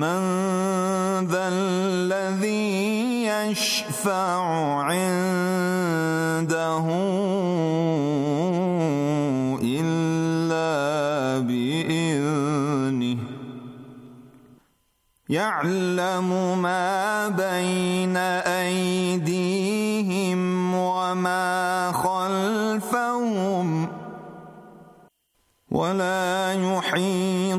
من ذا الذي يشفع عنده إلا بإذنه يعلم ما بين أيديهم وما خلفهم ولا يحيط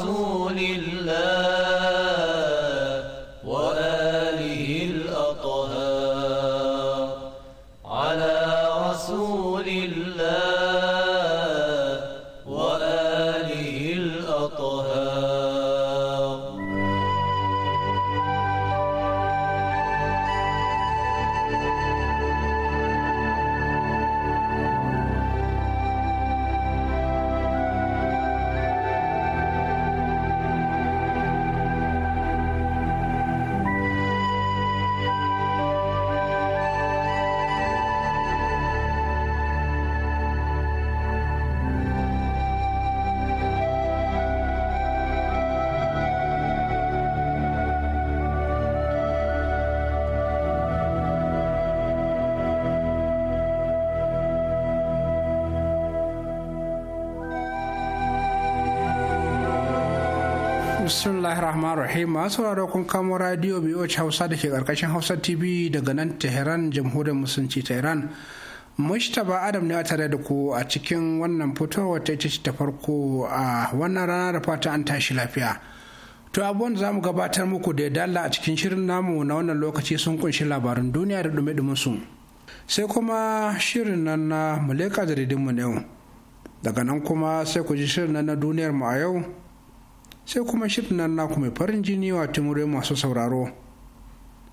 رسول الله masu sauraro kun kamo radio BOH Hausa da ke karkashin Hausa TV daga nan Tehran jamhuriyar musulunci ta Iran. Mushtaba Adam ne a tare da ku a cikin wannan fitowar ta ita ta farko a wannan rana da fata an tashi lafiya. To abubuwan za mu gabatar muku da ya dala a cikin shirin namu na wannan lokaci sun kunshi labarin duniya da dume su. Sai kuma shirin nan na muleka jaridinmu na yau. Daga nan kuma sai ku ji shirin nan na duniyar mu a yau sai kuma shirin nan naku mai farin jini wa murai masu sauraro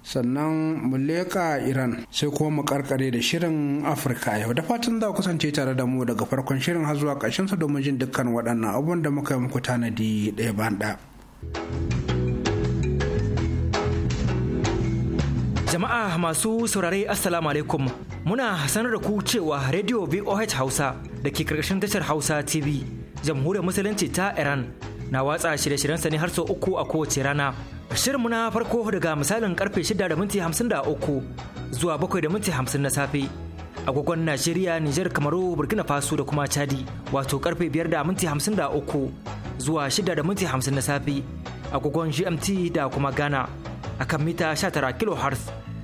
sannan mu leƙa iran sai kuma mu karkare da shirin afirka yau da fatan za ku kasance tare da mu daga farkon shirin har zuwa su domin jin dukkan waɗannan abubuwan da muka yi muku tanadi ɗaya bayan jama'a masu saurare assalamu alaikum muna sanar da ku cewa radio voh hausa da ke karkashin tashar hausa tv jamhuriyar musulunci ta iran na watsa shirye-shiryensa ne har sau uku a kowace rana. Shirinmu na farko daga misalin karfe shida da minti uku zuwa bakwai da minti hamsin na safe. Agogon Najeriya, Nijar, Kamaru, Burkina Faso da kuma Chadi wato karfe 5 da minti zuwa 6:50 da minti 50 na safe. Agogon GMT da kuma Ghana akan mita 19 kHz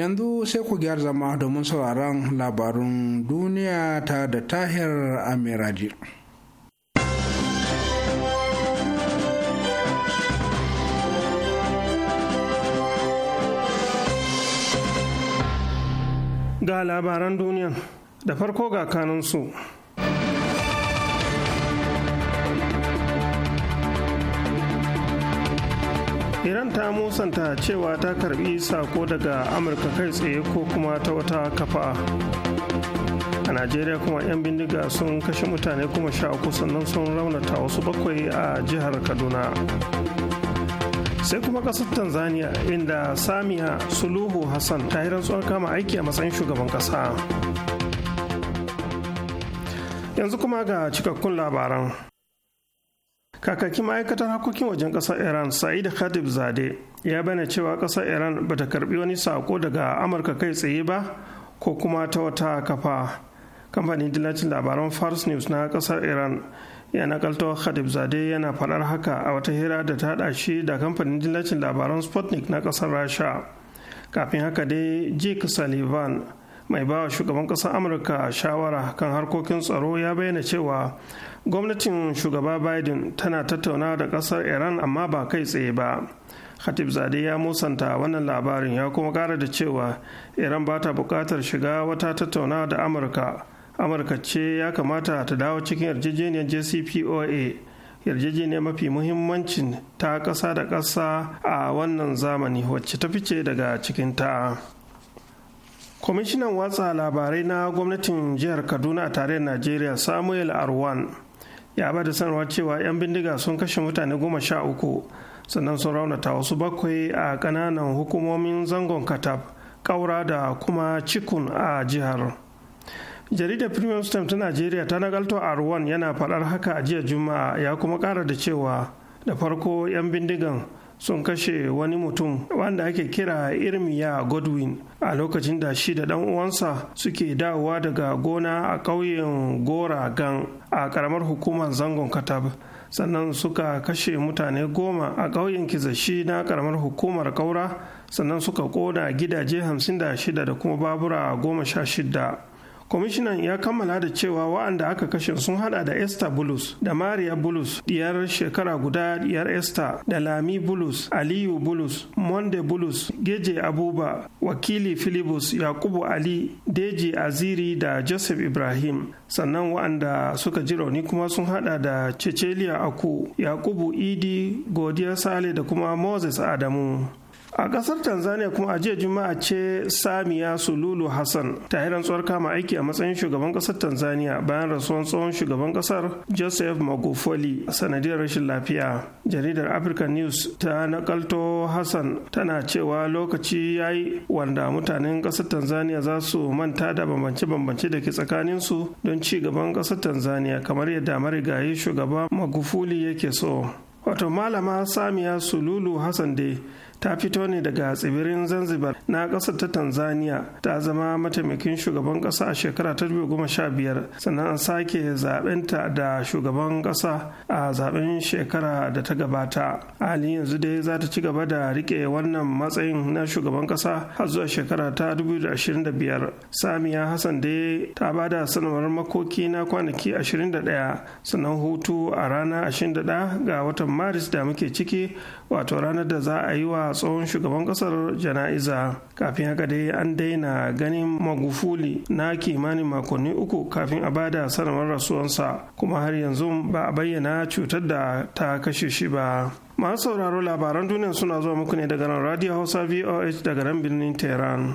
yanzu sai ku gyar zama domin sauraron labarun duniya ta da tahir amiraji ga labaran duniya da farko ga kanunsu iran ta musanta cewa ta karbi sako daga amurka kai tsaye ko kuma ta wata kafa a najeriya kuma 'yan bindiga sun kashe mutane kuma sha uku sannan sun raunata wasu bakwai a jihar kaduna sai kuma ƙasar tanzania inda samiya suluhu hassan ta yi rantsuwar kama aiki a matsayin shugaban ƙasa. yanzu kuma ga cikakkun labaran kakakin ma'aikatar harkokin wajen ƙasar iran sa'id khatib zade ya bayyana cewa ƙasar iran ba ta karbi wani sako daga amurka kai tsaye ba ko kuma ta wata kafa kamfanin dillacin labaran fars news na ƙasar iran ya nakalto khatib zade yana faɗar haka a wata hira da ta haɗa shi da kamfanin dillacin labaran sputnik na ƙasar rasha kafin haka dai jake sullivan mai bawa shugaban ƙasar amurka shawara kan harkokin tsaro ya bayyana cewa gwamnatin shugaba biden tana tattaunawa da kasar iran amma ba kai tsaye ba khatib zade ya musanta wannan labarin ya kuma kara da cewa iran ba ta bukatar shiga wata tattaunawa da amurka amurka ce ya kamata ta dawo cikin yarjejeniyar jcpoa yarjejeniyar mafi muhimmancin ta kasa da kasa a wannan zamani wacce ta fice daga cikin ta kwamishinan watsa labarai na gwamnatin jihar kaduna a tarayyar najeriya samuel arwan ya ba da sanarwa cewa 'yan bindiga sun kashe mutane goma sha uku sannan sun raunata wasu bakwai a kananan hukumomin zangon katab ƙaura da kuma cikun a jihar jaridar premium stamp ta najeriya ta nagalto r1 yana faɗar haka a jiya juma'a ya kuma ƙara da cewa da farko 'yan bindigan sun kashe wani mutum wanda ake kira irmiya godwin a lokacin da shi da dan uwansa suke dawowa daga gona a ƙauyen gora gan a ƙaramar hukumar zangon katab sannan suka kashe mutane goma a ƙauyen kizashi na ƙaramar hukumar kaura sannan suka ƙona gidaje 56 da kuma babura goma sha shida kwamishinan ya kammala da cewa wa'anda aka kashe sun hada da esther bulus da maria bulus diyar shekara guda diyar esther da lami bulus aliyu bulus monde bulus geje abuba wakili filibus yakubu ali deji aziri da joseph ibrahim sannan wa'anda suka ji rauni kuma sun hada da cecelia aku yakubu idi godiya sale da kuma moses adamu a kasar tanzania kuma a jiya juma'a ce samiya sululu hassan ta yi rantsuwar kama aiki a matsayin shugaban kasar tanzania bayan rasuwan tsohon shugaban kasar joseph magufuli sanadiyar rashin lafiya jaridar african news ta nakalto hassan tana cewa lokaci ya yi wanda mutanen kasar tanzania za su manta da bambance-bambance da ke tsakaninsu don ci gaban kasar tanzania kamar yadda marigayi shugaba magufuli yake so wato malama samiya sululu hassan dai ta fito ne daga tsibirin zanzibar na ƙasar ta tanzania ta zama mataimakin shugaban ƙasa a shekara ta biyar sannan an sake zaɓenta da shugaban ƙasa a zaben shekara da ta gabata hali yanzu dai za ta ci gaba da riƙe wannan matsayin na shugaban ƙasa har zuwa shekara ta biyar. samiya hassan dai ta ba da sanarwar makoki na kwanaki 21 sannan hutu a ranar 21 ga watan maris da muke ciki wato ranar da za a yi wa a tsohon shugaban kasar jana'iza kafin haka dai an daina ganin magufuli na kimanin makonni uku kafin a bada sanarwar rasuwansa kuma har yanzu ba a bayyana cutar da ta kashe shi ba masu sauraro labaran duniya suna zuwa muku ne daga nan radio hausa voh daga nan birnin tehran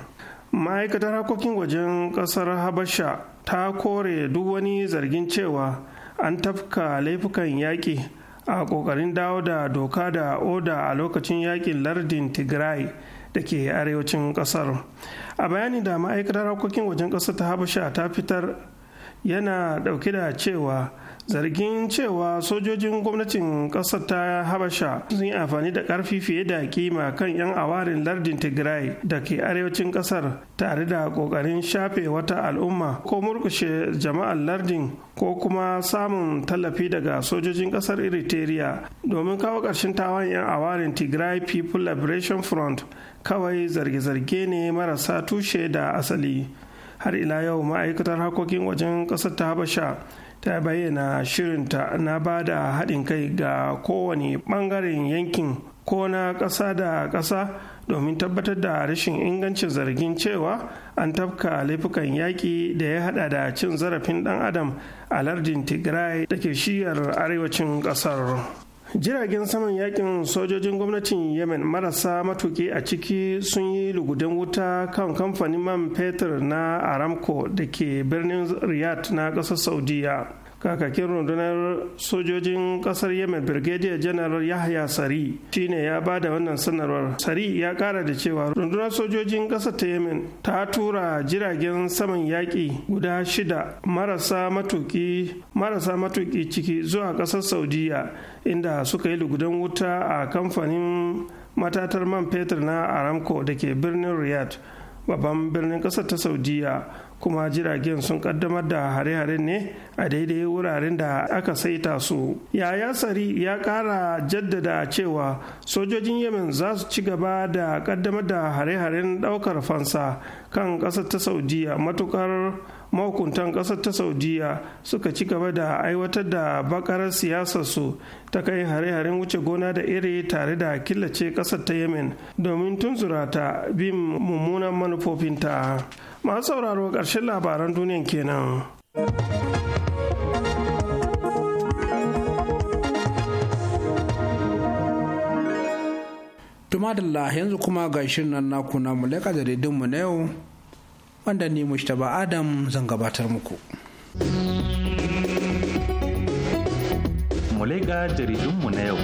ma'aikatar harkokin wajen kasar habasha ta kore duk wani zargin cewa an tafka laifukan yaƙi a ƙoƙarin dawo da doka da oda a lokacin yakin lardin tigray da ke arewacin ƙasar a bayani da ma'aikatar harkokin wajen ƙasar ta habasha ta fitar yana ɗauke da cewa zargin cewa sojojin gwamnatin ƙasar ta habasha sun yi amfani da ƙarfi fiye da kima kan 'yan awarin lardin tigray da ke arewacin ƙasar tare da ƙoƙarin shafe wata al'umma ko murkushe jama'ar lardin ko kuma samun tallafi daga sojojin ƙasar eritrea domin kawo ƙarshen tawon 'yan awarin tigray people liberation front kawai zarge-zarge ne marasa tushe da asali har ila yau ma'aikatar harkokin wajen ƙasar ta habasha ta bayyana shirinta na ba da haɗin kai ga kowane ɓangaren yankin ko na ƙasa da ƙasa domin tabbatar da rashin ingancin zargin cewa an tafka laifukan yaƙi da ya haɗa da cin zarafin ɗan adam a lardin tigray da ke shiyar arewacin ƙasar jiragen saman yakin sojojin gwamnatin yemen marasa matuki a ciki sun yi lugudan wuta kan kamfanin man fetur na aramco da ke birnin riyadh na ƙasar saudiya kakakin rundunar sojojin kasar yemen brigadier general yahya sari shine ya ba da wannan sanarwar sari ya kara da cewa rundunar sojojin kasar ta yemen ta tura jiragen saman yaƙi guda shida marasa matuki marasa matuki ciki zuwa kasar saudiya inda suka yi lugudan wuta a kamfanin matatar man fetur na aramco da ke birnin riyadh babban birnin kasar ta saudiya kuma jiragen sun kaddamar da hare-haren ne a daidai wuraren da aka saita su yaya sari ya kara jaddada cewa sojojin yemen za su ci gaba da kaddamar da hare-haren daukar fansa kan kasar ta saudiya matukar mahukuntan kasar ta saudiya suka ci gaba da aiwatar da bakarar su ta kai hare-haren wuce gona da iri tare da killace kasar ta yemen domin tunzura ta bin mummunan manufofinta masu sauraro ƙarshen labaran duniyan kenan. Tumadalla yanzu kuma ga shirin nan naku na mulaka jaridinmu na yau wanda ni Mustapha Adam zan gabatar muku. Mu jaridun mu na yau.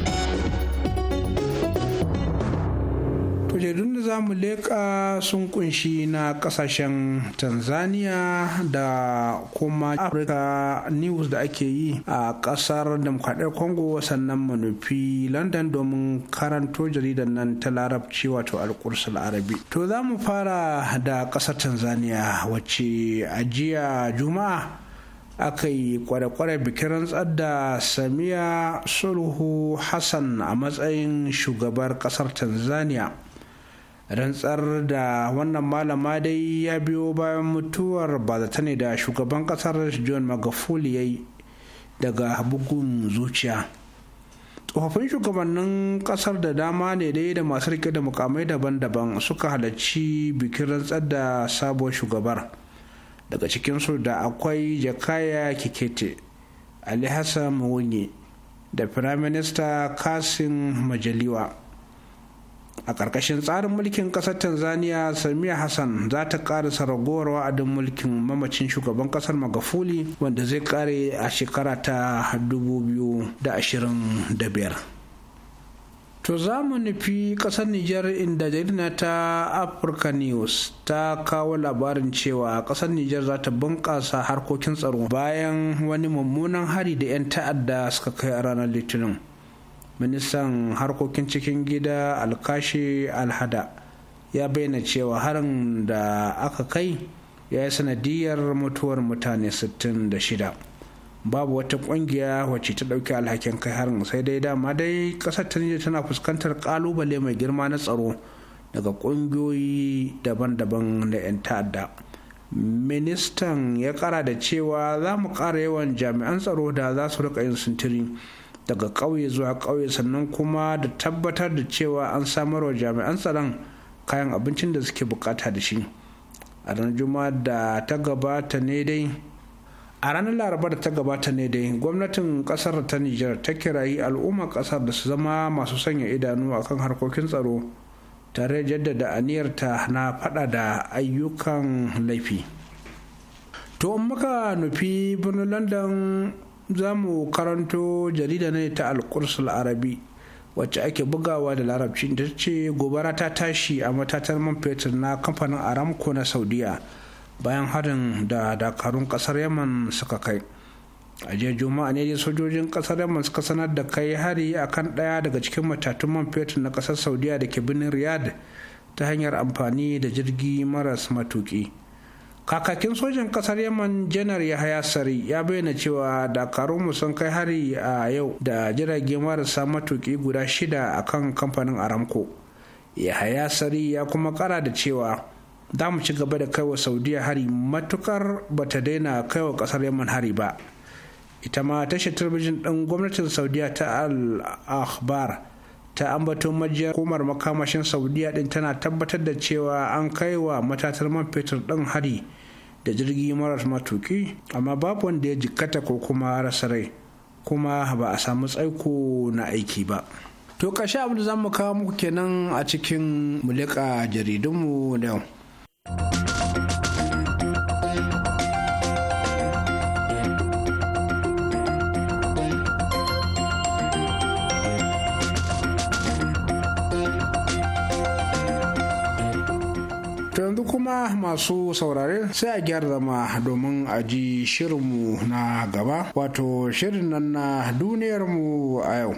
Kujerun da za mu leƙa sun kunshi na ƙasashen Tanzania da kuma Africa News da ake yi a ƙasar Demokwaɗar Congo sannan manufi London domin karanto jaridar nan ta larabci wato alkursul arabi. To za mu fara da ƙasar Tanzania wacce a jiya Juma'a aka yi kware-kware bikin rantsar da samiya sulhu hassan a matsayin shugabar kasar tanzania rantsar da wannan malama dai ya biyo bayan mutuwar bazata ne da shugaban kasar john magufuli ya yi daga bugun zuciya tsofaffin shugabannin kasar da dama ne dai da masu rike da mukamai daban-daban suka halarci bikin rantsar da sabuwar shugabar daga cikinsu da akwai jakaya kikete ali hassan mawunye da firaminista kasim majaliwa a ƙarƙashin tsarin mulkin ƙasar tanzania samiya hassan za ta ƙarisa ragowar wa'adin mulkin mamacin shugaban ƙasar magafuli wanda zai ƙare a shekara ta 2025 To za mu nufi ƙasar Nijar inda jarida ta Africa News ta kawo labarin cewa ƙasar Nijar za ta bunƙasa harkokin tsaro bayan wani mummunan hari da 'yan ta'adda suka kai a ranar Litinin. ministan harkokin cikin gida alkashi alhada ya bayyana cewa harin da aka kai ya yi sanadiyar mutuwar mutane 66 babu wata kungiya wacce ta dauki alhakin kai harin sai dai dama dai kasar ta tana fuskantar kalubale mai girma na tsaro daga kungiyoyi daban-daban na 'yan ta'adda ministan ya kara da cewa za mu kara yawan jami'an tsaro da za su rika yin sintiri daga ƙauye zuwa ƙauye sannan kuma da tabbatar da cewa an samar wa jami'an tsaron kayan abincin da suke bukata da shi a ranar juma'a da ta gabata ne dai a ranar laraba da ta gabata ne dai gwamnatin kasar ta nijar ta kirayi al'ummar kasar da su zama masu sanya idanu akan harkokin tsaro tare jaddada aniyarta na fada da ayyukan laifi to in muka nufi birnin london za mu karanto jarida ne ta alkursul arabi wacce ake bugawa da larabci da ce gobara ta tashi a matatar man fetur na kamfanin aramco na saudiya bayan harin da dakarun kasar yaman suka kai a jiya juma'a ne sojojin kasar yaman suka sanar da kai hari akan daya daga cikin matatun man fetur na kasar saudiya da ke birnin riyadh ta hanyar amfani da jirgi maras matuki kakakin sojan kasar yaman janar yahaya sari ya bayyana cewa dakarunmu sun kai hari a yau da jirage marasa matuki guda shida a kan kamfanin aramco yahaya sari ya kuma kara da cewa za mu ci gaba da kaiwa saudiya hari matukar ba ta daina kaiwa kasar yaman hari ba ita ma tashar talabijin ɗin gwamnatin saudiya ta al-akhbar ta ambato majiyar hukumar makamashin saudiya din tana tabbatar da cewa an kai wa matatar man fetur din hari da jirgi marar matuki amma babu wanda ya jikkata ko kuma rasa rai kuma ba a samu tsaiko na aiki ba to kashe abin da za mu kawo muku kenan a cikin mulika jaridunmu da yau yanzu kuma masu saurare sai a gyara zama domin a ji shirinmu na gaba wato shirin nan na duniyarmu a yau.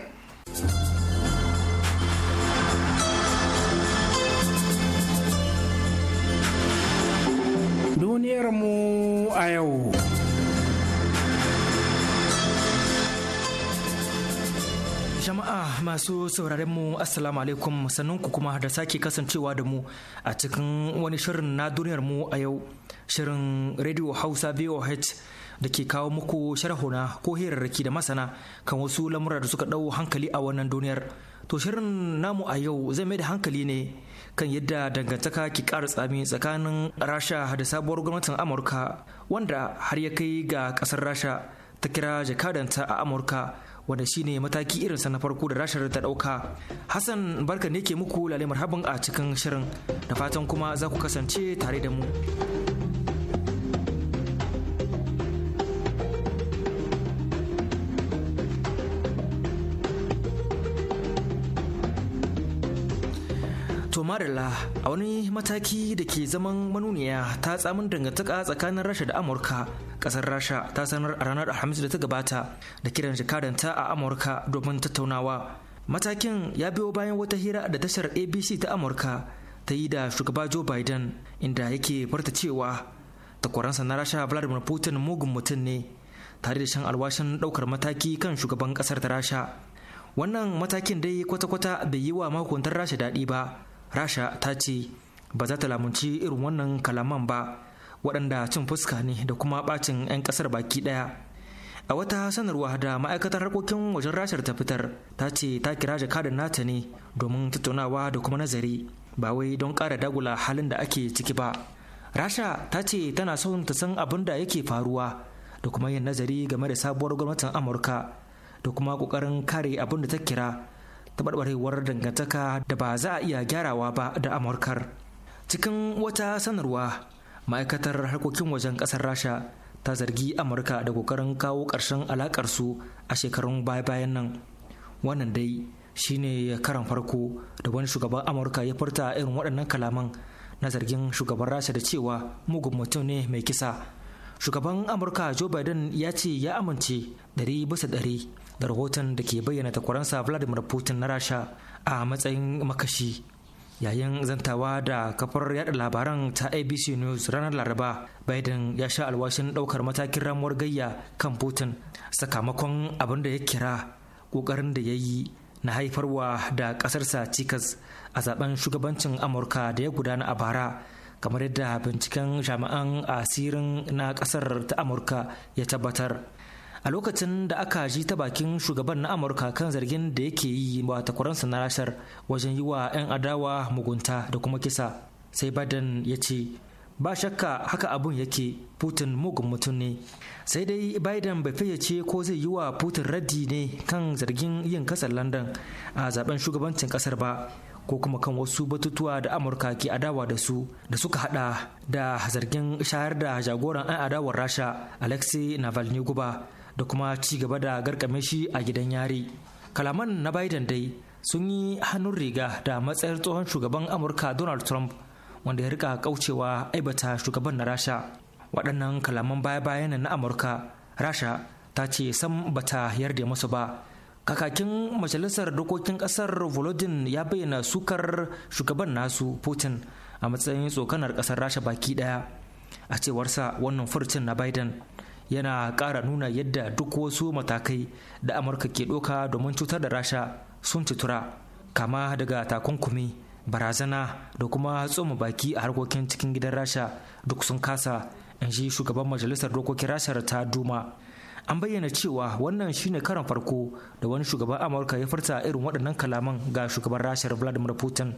Duniyarmu a yau. Jama'a masu sauraren mu Assalamu alaikum sannan ku kuma da sake kasancewa da mu a cikin wani shirin na duniyar mu a yau shirin Radio Hausa VOH da ke kawo muku sharhuna ko hirarraki da masana kan wasu lamura da suka ɗau hankali a wannan duniyar. To shirin namu a yau zai mai da hankali ne kan yadda dangantaka ke ƙara tsami tsakanin rasha da sabuwar gwamnatin amurka wanda har ya kai ga ƙasar rasha ta kira jakadanta a amurka wanda shine mataki irin irinsa na farko da rashar ta dauka hassan barka ne ke muku lalle marhaban a cikin shirin da fatan kuma za ku kasance tare da mu Marilla a wani mataki da ke zaman manuniya ta tsamin dangantaka tsakanin Rasha da Amurka. Kasar Rasha ta sanar a ranar Alhamis da ta gabata da kiran jakadanta a Amurka domin tattaunawa. Matakin ya biyo bayan wata hira da tashar ABC ta Amurka ta yi da shugaba Joe Biden inda yake farta cewa takwaransa na Rasha Vladimir Putin mugun mutum ne tare da shan alwashin ɗaukar mataki kan shugaban kasar ta Rasha. Wannan matakin dai kwata-kwata bai yi wa mahukuntar Rasha daɗi ba. rasha ta ce ba za ta lamunci irin wannan kalaman ba waɗanda cin fuska ne da kuma ɓacin 'yan ƙasar baki ɗaya a wata sanarwa da ma'aikatar harkokin wajen rashar ta fitar ta ce ta kira jakadan nata ne domin tattaunawa da kuma nazari ba wai don ƙara dagula halin da ake ciki ba rasha ta ce tana son ta san abin da yake faruwa da kuma yin nazari game da sabuwar gwamnatin amurka da kuma ƙoƙarin kare abin da ta kira taɓarɓarewar dangantaka da ba za a iya gyarawa ba da amurkar cikin wata sanarwa ma'aikatar harkokin wajen ƙasar rasha ta zargi amurka da ƙoƙarin kawo ƙarshen alaƙarsu a shekarun baya-bayan nan wannan dai shine karan farko da wani shugaban amurka ya furta irin waɗannan kalaman na zargin shugaban rasha da cewa mugun mutum ne mai kisa shugaban amurka joe biden ya ce ya amince ɗari bisa ɗari da rahoton da ke bayyana takwaransa vladimir putin na rasha a matsayin makashi yayin zantawa da kafar yada labaran ta abc news ranar laraba biden ya sha alwashin daukar matakin ramuwar gayya kan putin sakamakon abin da ya kira kokarin da ya yi na haifarwa da kasarsa cikas a zaben shugabancin amurka da ya gudana a bara kamar yadda binciken jami'an asirin na kasar ta amurka ya tabbatar a lokacin da aka ji ta bakin shugaban na amurka kan zargin da yake yi wa takwaransa na rashar wajen yi wa 'yan adawa mugunta da kuma kisa sai badan ya ce ba shakka haka abun yake putin mugun mutum ne sai dai biden bai fayyace ko zai yi wa putin raddi ne kan zargin yin kasar london a zaben shugabancin kasar ba ko kuma kan wasu batutuwa da amurka ke adawa da su da suka hada da zargin shayar da jagoran 'yan adawar rasha alexei navalny guba da kuma ci gaba da garkame shi a gidan yari kalaman na biden dai sun yi hannun riga da matsayar tsohon shugaban amurka donald trump wanda ya rika kaucewa aibata shugaban na rasha waɗannan kalaman baya-bayan na amurka rasha ta ce sam bata yarda masu ba kakakin majalisar dokokin Ƙasar volodin ya bayyana sukar shugaban nasu putin a matsayin tsokanar ƙasar rasha baki ɗaya, a cewarsa wannan furcin na biden yana ƙara nuna yadda duk wasu matakai da amurka ke ɗoka domin cutar da rasha sun tura, kama daga takunkumi barazana da kuma tsoma baki a harkokin cikin gidan rasha duk sun kasa in ji shugaban majalisar dokokin rashar ta duma an bayyana cewa wannan shine karan farko da wani shugaban amurka ya furta irin waɗannan kalaman ga shugaban rashar vladimir putin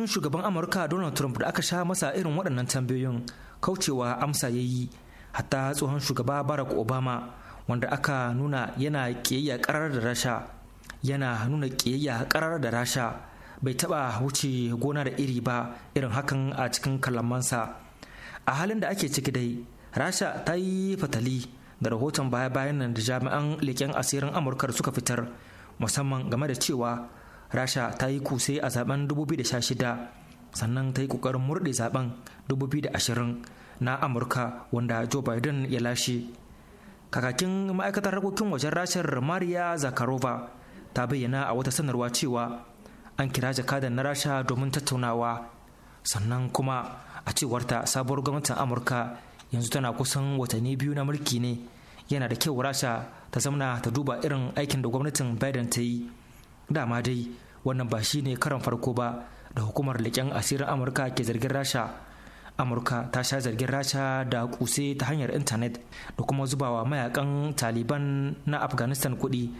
tsohon shugaban amurka donald trump da aka sha masa irin waɗannan tambayoyin kaucewa amsa ya yi hatta tsohon shugaba barack obama wanda aka nuna yana ƙiyayya ƙarar da rasha yana nuna ƙiyayya ƙarar da rasha bai taɓa wuce gona da iri ba irin hakan a cikin kalamansa a halin da ake ciki dai rasha ta yi fatali da rahoton baya-bayan nan da jami'an leƙen asirin amurka suka fitar musamman game da cewa rasha ta yi kusai a zaben 2016 sannan ta yi kokarin murɗe zaben 2020 na amurka wanda joe biden ya lashe kakakin ma'aikatar harkokin wajen rashar maria zakarova ta bayyana a wata sanarwa cewa an kira jakadan na rasha domin tattaunawa sannan kuma a cewarta sabuwar gwamnatin amurka yanzu tana kusan watanni biyu na mulki ne yana da kyau rasha ta zamana ta duba irin aikin da gwamnatin biden ta yi dama dai wannan ba shi ne karan farko ba da hukumar leƙen asirin amurka ke zargin rasha amurka ta sha zargin rasha da kuse ta hanyar intanet da kuma zubawa mayakan taliban na afghanistan kuɗi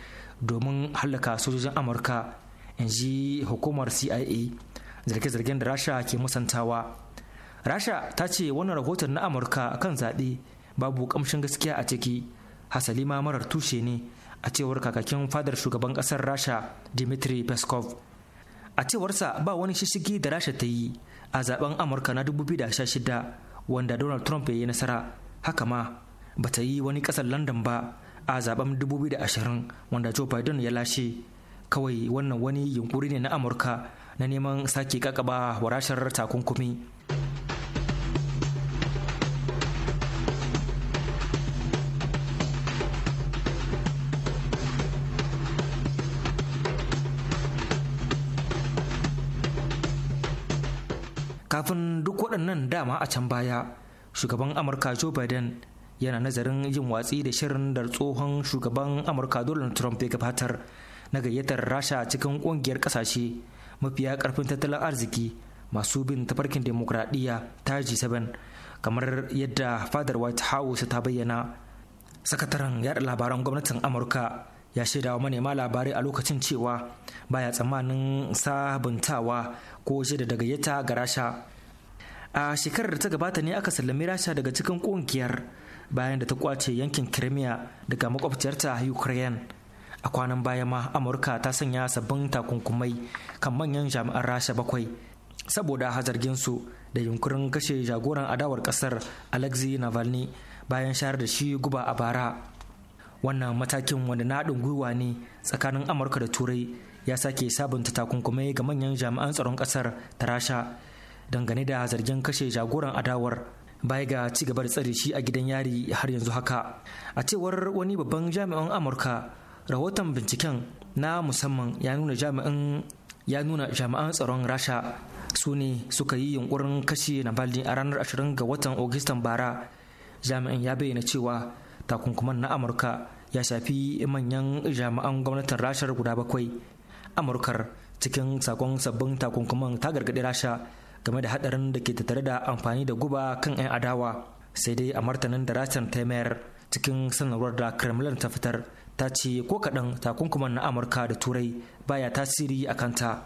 domin hallaka sojojin amurka in ji hukumar cia zarge-zargen da rasha ke musantawa rasha ta ce wannan rahoton na amurka kan zaɓe babu ƙamshin gaskiya a ciki hasali ma marar tushe ne a cewar kakakin fadar shugaban kasar rasha dmitry peskov a cewarsa ba wani shishigi da rasha ta yi a zaben amurka na 2016 wanda donald trump ya yi nasara haka ma ba ta yi wani kasar london ba a zaben 2020 wanda joe biden ya lashe kawai wannan wani yunkuri ne na amurka na neman sake kakaba wa rashar takunkumi dama a can baya shugaban amurka joe biden yana nazarin yin watsi da shirin da tsohon shugaban amurka donald trump ya gabatar na gayyatar rasha cikin kungiyar kasashe mafiya karfin tattalin arziki masu bin tafarkin demokradiyya ta g7 kamar yadda fadar white house ta bayyana sakataren yada labaran gwamnatin amurka ya shaidawa manema labarai a lokacin cewa baya tsammanin sabuntawa ko shida da gayyata ga rasha a shekarar da ta gabata ne aka sallami rasha daga cikin kungiyar bayan da ta kwace yankin crimea daga makwabciyarta ukraine a kwanan baya ma amurka ta sanya sabbin takunkumai kan manyan jami'an rasha bakwai saboda hazargin su da yunkurin kashe jagoran adawar kasar alexei navalny bayan shayar da shi guba a bara wannan matakin wanda na haɗin gwiwa ne tsakanin amurka da turai ya sake sabunta takunkumai ga manyan jami'an tsaron kasar ta rasha dangane da zargin kashe jagoran adawar baya ga ci gaba da tsare shi a gidan yari har yanzu haka a cewar wani babban jami'an amurka rahoton binciken na musamman ya nuna jami'an ya nuna jami'an tsaron rasha su ne suka yi yunkurin kashe navalny a ranar 20 ga watan Agustan bara Jami'an ya bayyana cewa takunkuman na amurka ya shafi manyan jami'an gwamnatin rashar guda bakwai amurkar cikin sakon sabbin takunkuman ta gargaɗi rasha game da hadarin da ke tattare da amfani da guba kan 'yan adawa sai dai a martanin da rashin taimayar cikin sanarwar da kremlin ta fitar ta ce ko kaɗan takunkuman na amurka da turai baya tasiri a kanta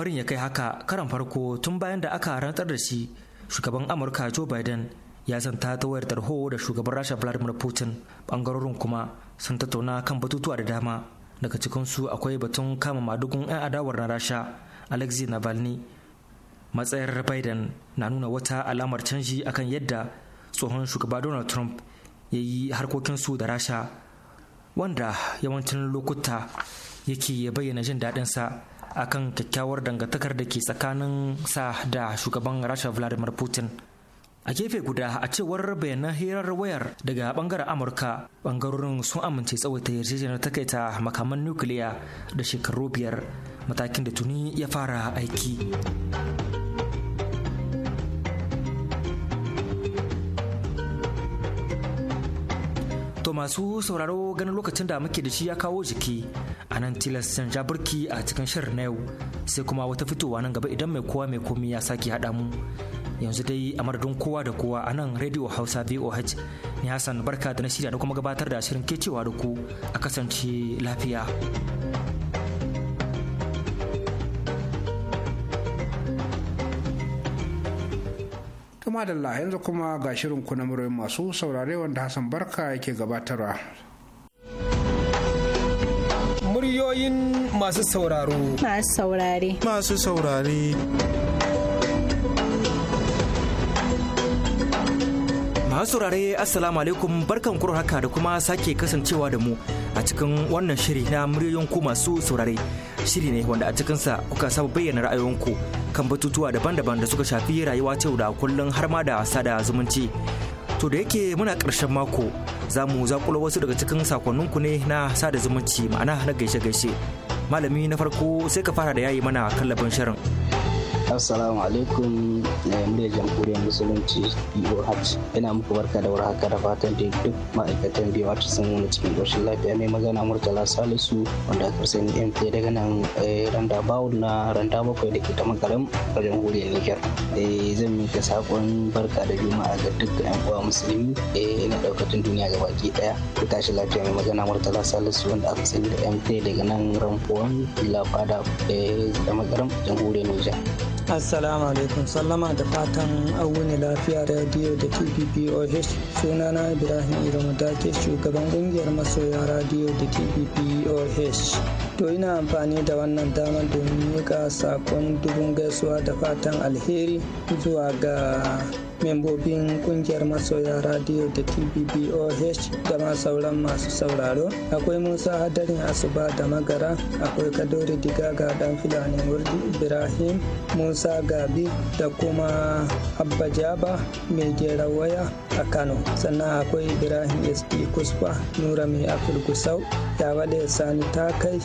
lamarin ya kai haka karan farko tun bayan da aka rantsar da shi shugaban amurka joe biden ya zanta ta wayar tarho da shugaban rasha vladimir putin bangarorin kuma sun tattauna kan batutuwa da dama daga cikinsu akwai batun kama madugun 'yan adawar na rasha alexei navalny matsayar biden na nuna wata alamar canji akan yadda tsohon shugaba donald trump ya yi harkokinsu da rasha wanda yawancin lokuta yake ya bayyana jin daɗinsa akan kyakkyawar dangantakar da ke tsakanin sa da shugaban rasha vladimir putin a gefe guda a cewar bayanan hirar wayar daga bangaren amurka bangarorin sun amince tsawaita yarjejeniyar takaita makaman nukiliya da shekaru biyar matakin da tuni ya fara aiki To masu sauraro ganin lokacin da muke da shi ya kawo jiki a nan tilastan birki a cikin shirin na yau sai kuma wata fitowa nan gaba idan mai kowa mai komi ya sake haɗa mu. Yanzu dai a madadin kowa da kowa a nan Radio Hausa VOH ni Hassan barka da na shirya da kuma gabatar da shirin cewa da ku a kasance lafiya. Kuma da la, yanzu kuma ga shirin ku na muryoyin masu saurare wanda Hassan Barka yake gabatarwa. Muryoyin masu sauraro. Masu saurare. Masu saurare. masu saurare assalamu alaikum barkan kuro haka da kuma sake kasancewa da mu a cikin wannan shiri na muryoyin ku masu saurare shiri ne wanda a cikinsa kuka saba bayyana ra'ayoyinku kan batutuwa daban-daban da suka shafi rayuwa ta da kullum har ma da sada zumunci. To da yake muna ƙarshen mako za mu zakulo wasu daga cikin sakonninku ne na sada zumunci ma'ana na gaishe-gaishe. Malami na farko sai ka fara da yayi mana kallabin shirin. assalamu alaikum na jamhuriyar musulunci hajj ina muku barka da warhaka da fatan da duk ma'aikatan biyu wata sun wani cikin ƙoshin lafiya mai magana murtala salisu wanda aka sani mp daga nan eh, randa bawul na randa bakwai da ke ta makaram a jamhuriyar niger eh, zan ka saƙon barka da juma'a ga duk yan uwa musulmi eh, na ɗaukacin duniya ga baki ɗaya ku tashi lafiya mai magana murtala salisu wanda aka sani da mp daga nan ramfuwan lafada da makaram jamhuriyar niger assalamu alaikum sallama da fatan auni lafiya radio da tppoh sunana ibrahim iramu dake shugaban kungiyar masoya radio da tppoh to ina amfani da wannan damar domin mika sakon dubun gaisuwa da fatan alheri zuwa ga membobin kungiyar masoya radio da tvboh da ma sauran masu sauraro akwai musa hadarin asuba da magara akwai kadori diga ga dan filani wurdi ibrahim musa gabi da kuma abba jaba mai gera waya a kano sannan akwai ibrahim sd kusfa nura mai afil gusau da sani ta kai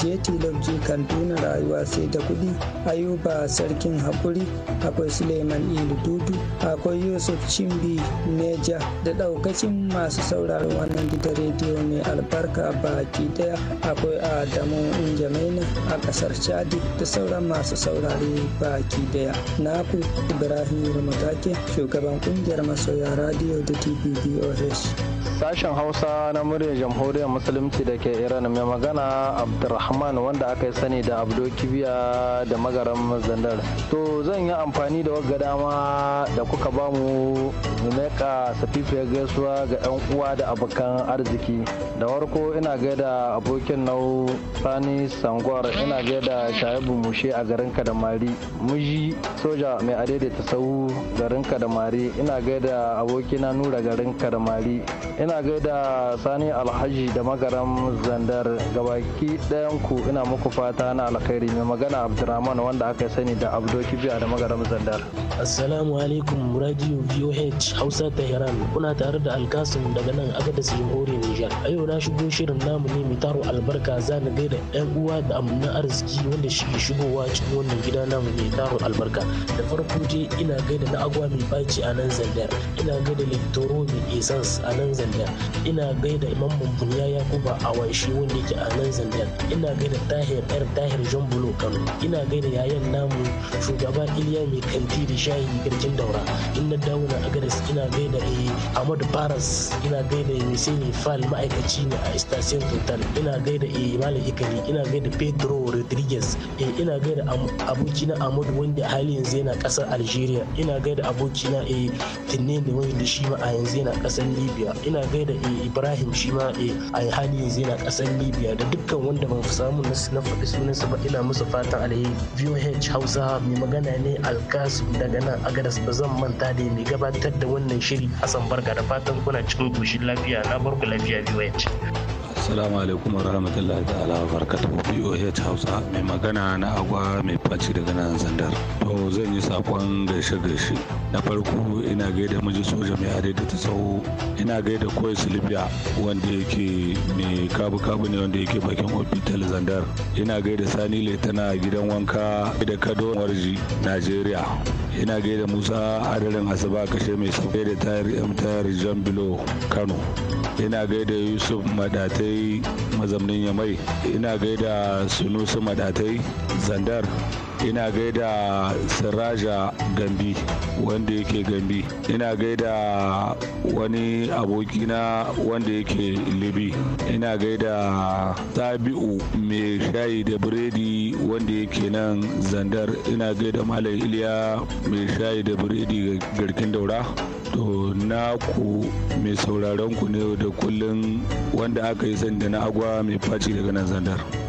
jeti lobji kaduna rayuwa sai da kudi ayuba sarkin hakuri akwai suleiman ilu dudu akwai yusuf cimbi neja da ɗaukacin masu sauraron wannan gidan rediyo mai albarka baki ɗaya akwai adamu injamaina a ƙasar chadi da sauran masu saurare baki daya naku ibrahim ramadake shugaban kungiyar masoya radio da tv Sashen Hausa na muryar Jamhuriyar Musulunci da ke Iran mai magana Abdulrahman wanda aka yi sani da Abdo Kibiya da magaran Zandar. To zan yi amfani da wagga dama da kuka ba mu meka safifiyar gaisuwa ga 'yan uwa da abokan arziki. Da warko ina gaida abokin nau Sani Sangwar ina gaida Shaibu Mushe a garin Kadamari. Muji soja mai adaidaita sau garin Kadamari ina gaida abokina Nura garin Kadamari. ina gaida sani alhaji da magaram zandar gabaki ɗayan ku ina muku fata na alkhairi mai magana abdurrahman wanda aka sani da abdoki biya da magaram zandar assalamu alaikum radio voh hausa tehran kuna tare da alkasim daga nan aka da jamhuriyar nijar a yau na shigo shirin namu ne mai taro albarka za ni gaida yan uwa da amna arziki wanda shi shigowa cikin wannan gida namu mai taro albarka da farko je ina gaida na agwa mai baci a nan zandar ina gaida littoro mai esas a nan zandar ina gaida imam ya yakuba a waishi wanda yake a nan zandar ina gaida tahir yar tahir jan bulo kano ina gaida yayan namu shugaba iliya mai kanti da shayi garkin daura ina dawuna a gadas ina gaida eh, ahmadu faras ina gaida misini fal ma'aikaci ne a istasiyon total ina gaida eh, malam ikali ina gaida pedro rodriguez eh, ina gaida abokina amadu wanda a hali yanzu yana kasar algeria ina gaida abokina tinne da wanda shi ma a yanzu yana kasar libya ina gaida eh, ibrahim shi ma eh, a hali yanzu yana kasar libya da dukkan wanda ban samu na faɗi sunansa ba ina musu fatan alheri voh hausa mai magana ne alkasu daga nan agadas ba zan manta da mai gabatar da wannan shiri hassan barka da fatan kuna cikin goshin lafiya na barku lafiya voh Assalamu alaikum wa rahmatullahi ta'ala wa barakatuhu BOH Hausa mai magana na agwa mai faci daga nan zandar. To zan yi sakon gaishe-gaishe. Na farko ina gaida miji soja mai adai da ta tsawo. Ina gaida koi silibiya wanda yake mai kabu-kabu ne wanda yake bakin hospital zandar. Ina gaida Sani tana gidan wanka da Kado Warji, Najeriya. Ina gaida Musa Adalin Asaba kashe mai sauke da tayar M tayar Jambilo Kano. Ina gaida Yusuf Madatai mazamnin yamai ina gaida sunusu madatai zandar ina gaida siraja gambi wanda yake gambi ina gaida wani abokina wanda yake libi ina gaida sabi'u mai shayi da biredi wanda yake nan zandar ina gaida malam iliya mai shayi da biredi garkin daura to na ku mai sauraron ku ne da kullum wanda aka yi sanda na agwa mai faci daga nan zandar.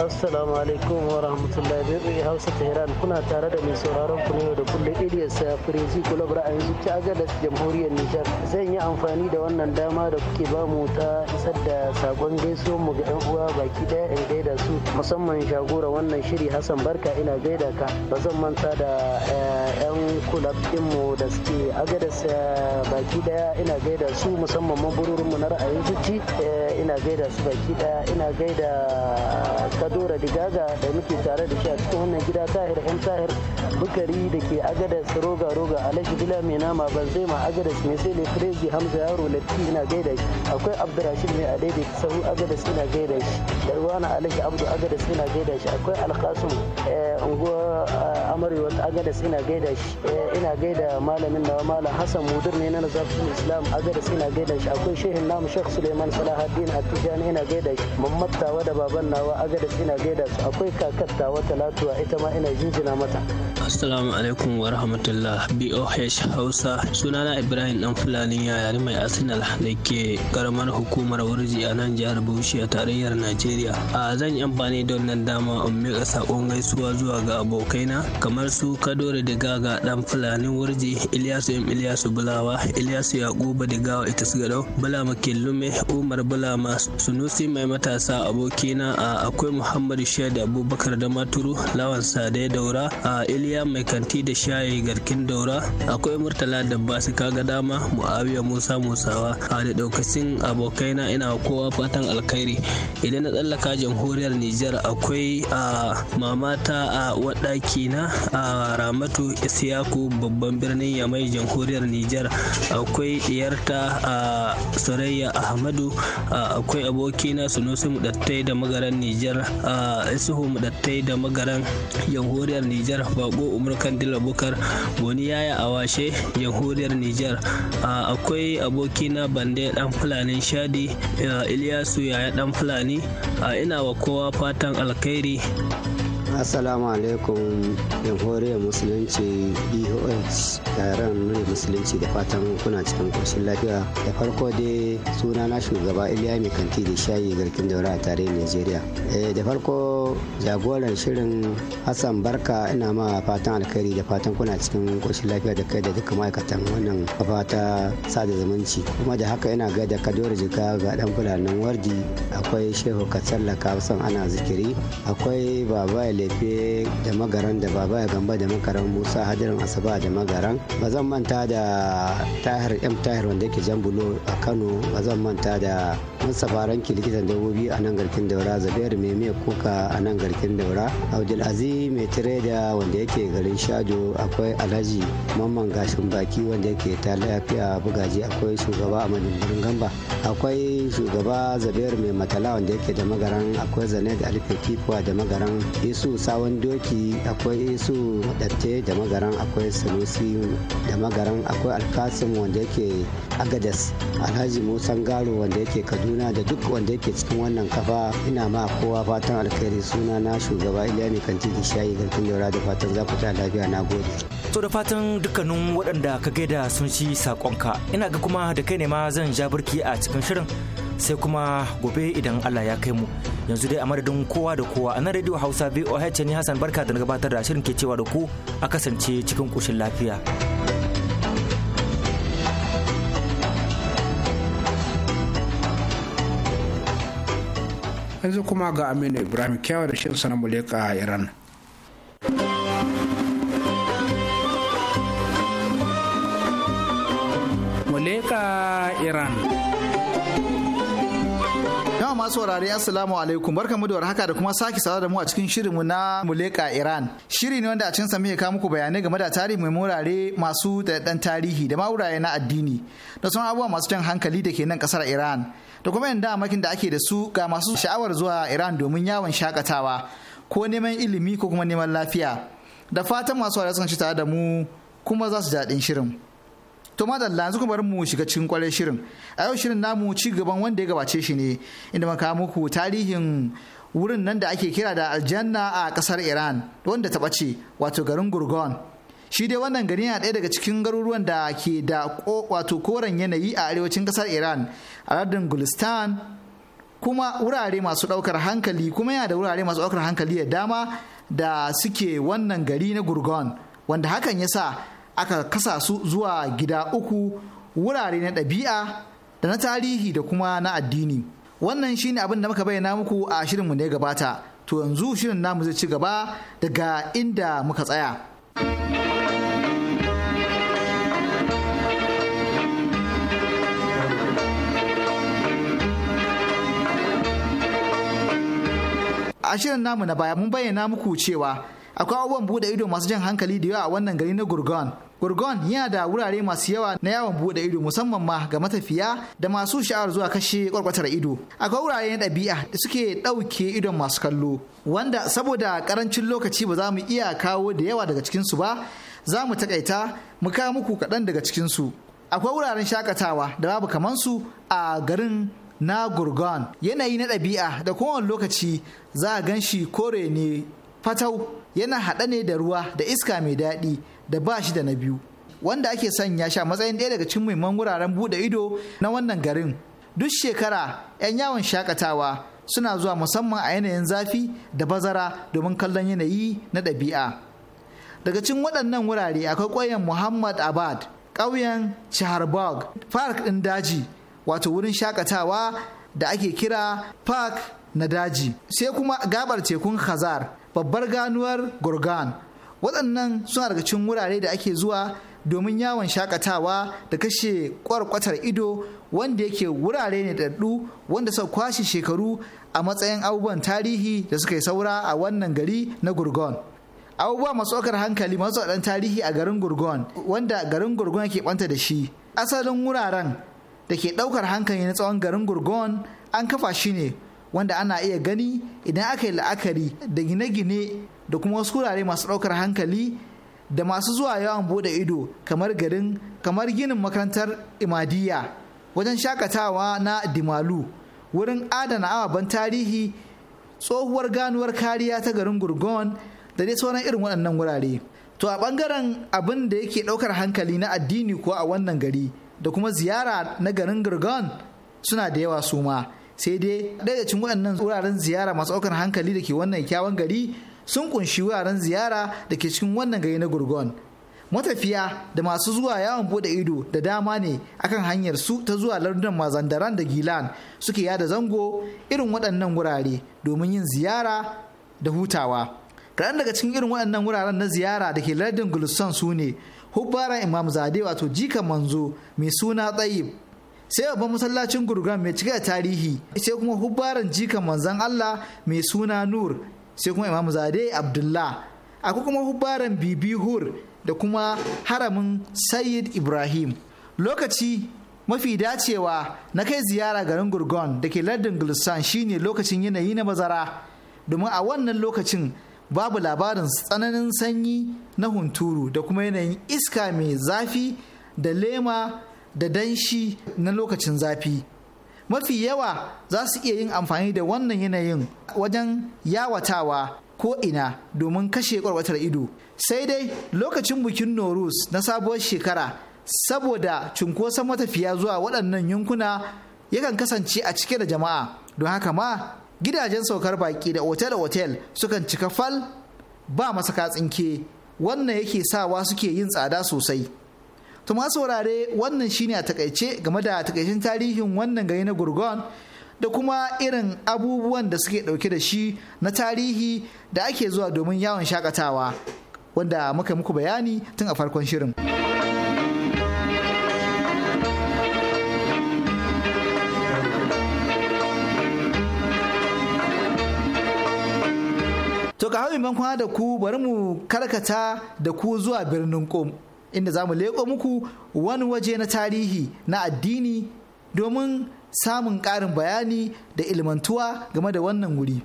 assalamu alaikum wa rahmatullahi bai hausa tehran kuna tare da mai sauraron ku ne da kullum ilyas firezi kulab ra'ayin zuci a da jamhuriyar nijar zan yi amfani da wannan dama da kuke ba mu ta isar da sakon gaisu mu ga yan uwa baki daya in gaida su musamman shagora wannan shiri hassan barka ina gaida ka ba zan manta da yan eh, kulab din mu da suke agadas baki daya ina gaida su musamman mabururin mu na ra'ayin zuci eh, ina gaida su baki daya ina gaida kadora digaga da muke tare da shi a cikin wannan gida tahir m tahir bukari da ke agadas roga roga alhaji bila mai nama banzema agadas mai sele crazy hamza yaro latti ina gaida shi akwai abdurashid mai adaidai sahu agadas ina gaida shi da ruwana alhaji abdu agadas ina gaida shi akwai alkasum eh, unguwa eh, amarewa agadas ina gaida shi eh, ina gaida malamin nawa malam hassan mudir ne na nazarin islam agadas ina gaida shi akwai shehin namu shekh suleiman salahaddin attijani ina gaida shi mamman tawa da baban nawa agadas ina gaida su akwai kakasta wata latuwa ita ma ina jinjina mata assalamu alaikum wa rahmatullah boh hausa sunana ibrahim dan fulani yaya mai arsenal da ke karamar hukumar wurji a nan jihar bauchi a tarayyar najeriya a zan yi amfani da wannan dama in miƙa saƙon gaisuwa zuwa ga abokaina kamar su kadore da ga dan fulani wurji ilyasu yam ilyasu bulawa ilyasu yakuba Gawa ita su gadau bulama killume umar bulama sunusi mai matasa abokina a akwai muhammad shaidu abubakar da maturu lawan sade daura a iliya mai kanti da shayi garkin daura akwai murtala da basu kaga dama muawiya musa musawa a da daukacin abokaina ina kowa fatan alkhairi idan na tsallaka jamhuriyar nijar akwai a mamata a waɗaki na a ramatu isiyaku babban birnin yamai jamhuriyar nijar akwai diyarta a surayya ahmadu akwai abokina sunusi mudattai da magaran nijar isuhu mudattai da magaran jamhuriyar nijar bako umurkan dilabukar wani yaya a washe jamhuriyar nijar akwai abokina bande dan fulani shadi iliyasu yaya dan fulani ina wa kowa fatan alkhairi assalamu alaikum jamhuriyar musulunci boh yaren nuna musulunci da fatan kuna cikin ƙoshin lafiya da farko dai suna na shugaba iliya mai kanti da shayi garkin daura a tare Najeriya eh, da farko jagoran shirin hassan barka ina ma fatan alkhairi da fatan kuna cikin ƙoshin lafiya da kai da duka ma'aikatan wannan kafa ta sada zumunci kuma da haka ina gaida kadoro jika ga dan fulanin wardi akwai shehu katsalla kawusan ana zikiri akwai baba lefe da magaran da baba ya gamba da makaran musa hadirin asaba da magaran ba zan manta da tahir m tahir wanda yake jan bulo a kano ba zan manta da mustapha ranki likitan dabbobi a nan garkin daura zabiyar meme kuka a nan garkin daura abdulaziz mai tireda wanda yake garin shado akwai alhaji mamman gashin baki wanda yake ta lafiya bugaji akwai shugaba a madimbirin gamba akwai shugaba zabiyar mai matala wanda yake da magaran akwai zane da da magaran yesu sawan doki akwai isu datte da magaran akwai sanusi da magaran akwai alkasim wanda yake agadas alhaji musan garo wanda yake kaduna da duk wanda yake cikin wannan kafa ina ma kowa fatan alkhairi suna na shugaba iliya ne kan da shayi garkin daura da fatan za ku ta lafiya na gode. to da fatan dukkanin waɗanda ka gaida sun ci saƙonka ina ga kuma da kai ne ma zan ja birki a cikin shirin sai kuma gobe idan Allah ya kai mu yanzu dai a madadin kowa da kowa a nan radio hausa voh ne hassan barka da gabatar da shirin ke cewa da ku a kasance cikin kushin lafiya yanzu kuma ga aminu ibrahim kyawa da shirin sanar muleka iran muleka iran jama'a masu saurare assalamu alaikum mu da warhaka da kuma sake sawa da mu a cikin mu na muleka Iran. Shiri ne wanda a cikin sa muke kawo muku bayanai game da tarihi mai wurare masu da dan tarihi da ma na addini da sauran abubuwa masu jan hankali da ke nan kasar Iran. Da kuma yan damakin da ake da su ga masu sha'awar zuwa Iran domin yawon shakatawa ko neman ilimi ko kuma neman lafiya. Da fatan masu saurare sun ci tare da mu kuma za su ji daɗin shirin. To madalla yanzu kuma mu shiga cikin kwarar shirin. A yau shirin namu ci gaban wanda ya gabace shi ne inda muka muku tarihin wurin nan da ake kira da aljanna a kasar Iran wanda ta bace wato garin Gurgon. Shi dai wannan gari yana ɗaya daga cikin garuruwan da ke da wato koren yanayi a arewacin kasar Iran a lardin Gulistan kuma wurare masu ɗaukar hankali kuma yana da wurare masu ɗaukar hankali da dama da suke wannan gari na Gurgon wanda hakan ya sa aka kasa su zuwa gida uku wurare na ɗabi'a da na tarihi da kuma na addini wannan shine abin da muka bayyana muku a shirinmu da ya gabata to yanzu shirin namu zai ci gaba daga inda muka tsaya a shirin namu na baya mun bayyana muku cewa akwai abubuwan bude ido masu jan hankali da yawa a wannan gari na gurgon gurgon yana da wurare masu yawa na yawon bude ido musamman ma ga matafiya da masu sha'awar zuwa kashe kwarkwatar ido akwai wurare na ɗabi'a da suke ɗauke idon masu kallo wanda saboda karancin lokaci ba za mu iya kawo da yawa daga cikinsu ba za mu takaita mu kawo muku kaɗan daga cikinsu akwai wuraren shakatawa da babu kamansu a garin na gurgon yanayi na ɗabi'a da kowane lokaci za a gan shi kore ne fatau yana haɗa ne da ruwa da iska mai daɗi da ba shi da na biyu wanda ake sanya shi a matsayin ɗaya daga cikin muhimman wuraren buɗe ido na wannan garin duk shekara 'yan yawon shakatawa suna zuwa musamman a yanayin zafi da bazara domin kallon yanayi na ɗabi'a daga cikin waɗannan wurare akwai ƙauyen muhammad abad ƙauyen chaharbog park ɗin daji wato wurin shakatawa da ake kira park na daji sai kuma gabar tekun khazar babbar ganuwar gorgan waɗannan suna daga cikin wurare da ake zuwa domin yawon shakatawa da kashe kwarkwatar ido wanda yake wurare ne daddu wanda suka kwashe shekaru a matsayin abubuwan tarihi da suka yi saura a wannan gari na gurgon abubuwa masu ɗaukar hankali masu ɗan tarihi a garin gurgon wanda garin gurgon ke ɓanta da shi asalin wuraren da ke ɗaukar hankali na tsawon garin gurgon an kafa shi ne wanda ana iya gani idan aka yi la'akari da gine-gine da kuma wasu wurare masu ɗaukar hankali da masu zuwa yawan bude ido kamar garin kamar ginin makarantar imadiya wajen shakatawa na dimalu wurin adana ababen tarihi tsohuwar ganuwar kariya ta garin gurgon da dai sauran irin waɗannan wurare to a ɓangaren abin da yake ɗaukar hankali na addini kuwa a wannan gari da kuma ziyara na garin gurgon suna da yawa suma. sai dai ɗaya cikin waɗannan wuraren ziyara masu ɗaukar hankali da ke wannan kyawun gari sun kunshi wuraren ziyara da ke cikin wannan gari na gurgon matafiya da masu zuwa yawon bude ido da dama ne akan hanyar su ta zuwa lardunan mazandaran da gilan suke yada zango irin waɗannan wurare domin yin ziyara da hutawa kaɗan daga cikin irin waɗannan wuraren na ziyara da ke lardin gulistan su ne hubbaran imam zade wato jikan manzo mai suna tsayib sai babban masallacin gurgan mai cike da tarihi sai kuma hubbaran jika manzan Allah mai suna Nur sai kuma Imam Zade Abdullah akwai kuma hubbaran Bibi Hur da kuma haramin Sayyid Ibrahim lokaci mafi dacewa na kai ziyara garin Gurgon da ke lardin Gulistan shine lokacin yanayi na bazara domin a wannan lokacin babu labarin tsananin sanyi na hunturu da kuma yanayin iska mai zafi da lema da danshi na lokacin zafi mafi yawa za su iya yin amfani da wannan yanayin wajen yawatawa ko ina domin kashe kwarwatar ido sai dai lokacin bukin norus na sabuwar shekara saboda cunkoson matafiya zuwa waɗannan yankuna yakan kasance a cike da jama'a don haka ma gidajen saukar baƙi da otel-otel sukan cika fal ba masaka tsinke wannan yake sawa suke yin tsada sosai To ma saurare wannan shine a takaice game da takaicin tarihin wannan gari na Gurgon da kuma irin abubuwan da suke ɗauke da shi na tarihi da ake zuwa domin yawon shakatawa wanda muka muku bayani tun a farkon shirin. To hau hawan kwana da ku bari mu karkata da ku zuwa birnin Kum. inda za mu leƙo muku wani waje na tarihi na addini domin samun ƙarin bayani da ilmantuwa game da wannan wuri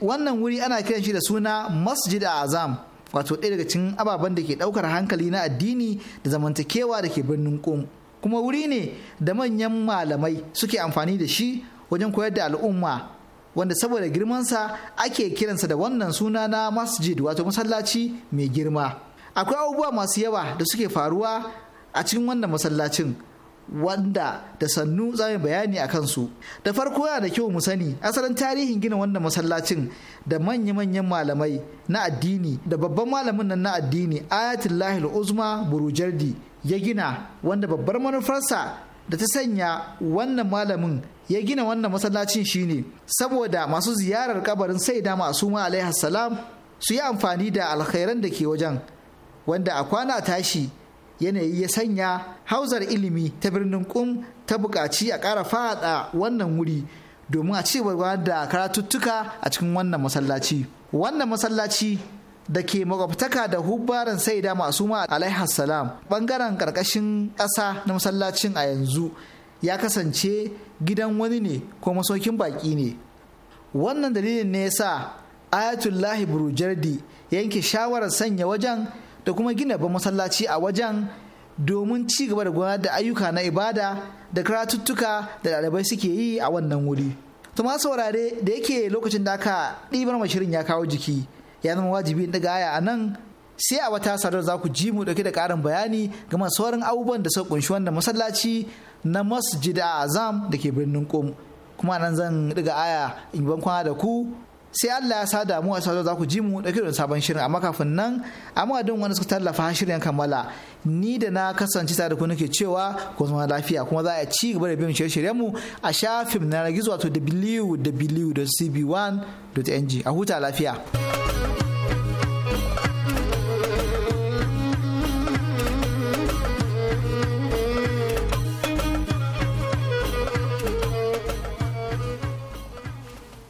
wannan wuri ana kiran shi da suna masjid a azam wato ɗaya daga cikin ababen da ke ɗaukar hankali na addini da zamantakewa da ke birnin ƙum kuma wuri ne da manyan malamai suke amfani da shi wajen koyar da al'umma wanda saboda girmansa ake kiransa da wannan suna na masjid wato masallaci mai girma akwai abubuwa masu yawa da suke faruwa a cikin wannan masallacin wanda da sannu za mu bayani a kansu da farko yana da kyau mu sani asalin tarihin gina wannan masallacin da manya-manyan malamai na addini da babban malamin nan na addini ayatullahi uzma burujardi ya gina wanda babbar manufarsa da ta sanya wannan malamin ya gina wannan masallacin shine saboda masu ziyarar kabarin sai da masu ma salam su yi amfani da alkhairan da ke wajen wanda a kwana tashi yanayi ya sanya hauzar ilimi ta birnin kum ta bukaci a ƙara fada wannan wuri domin a ci gaba da karatuttuka a cikin wannan masallaci wannan masallaci da ke makwabtaka da hubbaran saida masu ma alaihi salam bangaren karkashin ƙasa na masallacin a yanzu ya kasance gidan wani ne ko masaukin baƙi ne wannan dalilin ne ya sa ayatullahi burujardi yanke shawarar sanya wajen da kuma gina ba masallaci a wajen domin ci gaba da gudanar da ayyuka na ibada da karatuttuka da ɗalibai suke yi a wannan wuri. To ma saurare da yake lokacin da aka ɗibar mashirin ya kawo jiki ya zama wajibi in ɗaga aya a nan sai a wata sadar za ku ji mu ɗauke da ƙarin bayani game sauran abubuwan da suka kunshi wannan masallaci na masjida azam da ke birnin kom Kuma nan zan ɗiga aya in ban kwana da ku sai Allah ya sa mu a sa za ku ji mu da kiran sabon shirin amma kafin nan a madadin wanda suka tallafa shirin kammala ni da na kasance tare da ku nake cewa ku zama lafiya kuma za a ci gaba da bin shirye-shiryen mu a shafin na gizo wato www.cb1.ng a huta lafiya.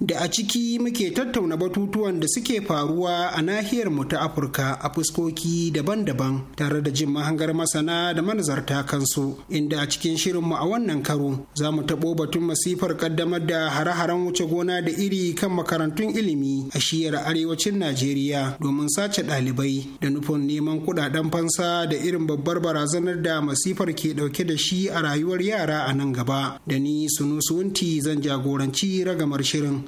da a ciki muke tattauna batutuwan da suke faruwa a nahiyar mu ta Afirka a fuskoki daban-daban tare da jin mahangar masana da manazarta kansu inda a cikin shirin mu a wannan karo za mu taɓo batun masifar ƙaddamar da hare-haren wuce gona da iri kan makarantun ilimi a shiyar arewacin Najeriya domin sace ɗalibai da nufin neman kuɗaɗen fansa da irin babbar barazanar da masifar ke ɗauke da shi a rayuwar yara a nan gaba da ni Sunusu Wunti zan jagoranci ragamar shirin